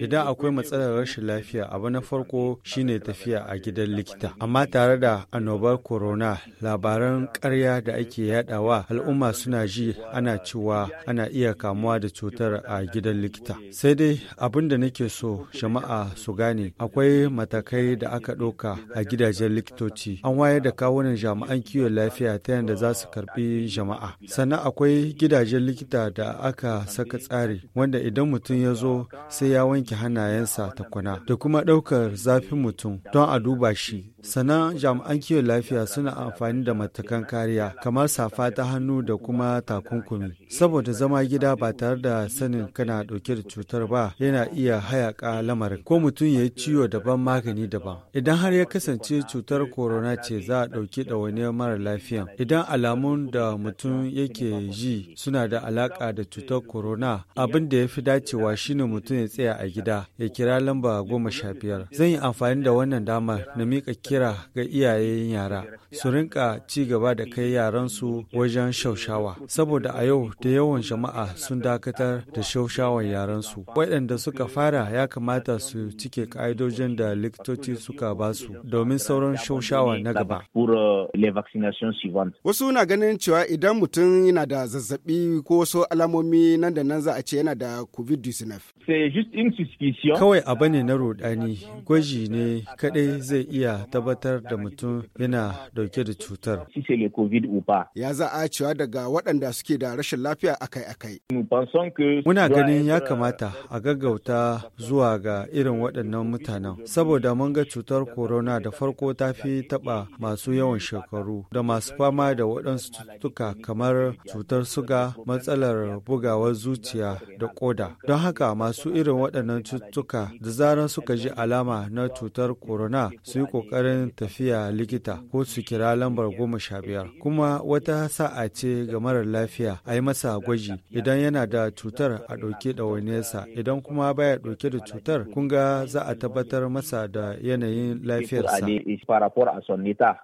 Idan akwai matsalar rashin lafiya abu na farko shine tafiya a gidan likita. Amma tare da annobar corona labaran karya da ake yadawa al'umma suna ji ana cewa ana iya kamuwa da cutar a gidan likita. Sai dai abin da nake so jama'a su gane akwai matakai da aka ɗauka a gidajen likitoci. An wayar da kawunan jami'an kiwon lafiya ta yadda za su karɓi jama'a. Sannan akwai gidajen likita da aka saka tsari wanda idan mutum mutum ya zo sai ya wanke hannayensa tukuna da kuma ɗaukar zafin mutum don a duba shi Sannan jami'an kiwon lafiya suna amfani da matakan kariya kamar safa ta hannu da kuma takunkumi. Saboda zama gida ba tare da sanin kana ɗauke da cutar ba yana iya hayaka lamarin ko mutum ya yi ciwo daban magani daban. Idan har ya kasance cutar corona ce za a ɗauki ɗawainiyar mara lafiyan. Idan alamun da mutum yake ji suna da alaka da cutar corona abin da ya fi dacewa shine mutum ya tsaya a gida ya kira lamba goma sha biyar. Zan yi amfani da wannan damar na miƙa kira ga iyayen yara su rinka ci gaba da kai yaransu wajen shaushawa saboda a yau da yawan jama'a sun dakatar da shaushawan yaransu waɗanda suka fara ya kamata su cike ka'idojin da likitoci suka ba su domin sauran shaushawa na gaba euh, wasu na ganin cewa idan mutum yana da zazzabi ko wasu alamomi nan da nan za a ce yana da covid-19 kawai abu ne na rudani gwaji ne kadai zai iya tabbatar tabbatar da mutum yana dauke da cutar. Ya za a cewa daga waɗanda suke da rashin lafiya akai-akai. Muna ganin ya kamata a gaggauta zuwa ga irin waɗannan mutanen, saboda mun ga cutar corona da farko ta fi taɓa masu yawan shekaru da masu fama da waɗansu cututtuka kamar cutar suga, matsalar bugawar zuciya da ƙoda. Don haka masu irin waɗannan cututtuka da zarar suka ji alama na cutar corona su yi ƙoƙarin ƙoƙarin tafiya likita ko su kira lambar goma sha biyar kuma wata sa'a ce ga marar lafiya a yi masa gwaji idan yana da cutar a ɗauke ɗawainiyarsa idan kuma baya ɗauke da cutar kun ga za a tabbatar masa da yanayin lafiyarsa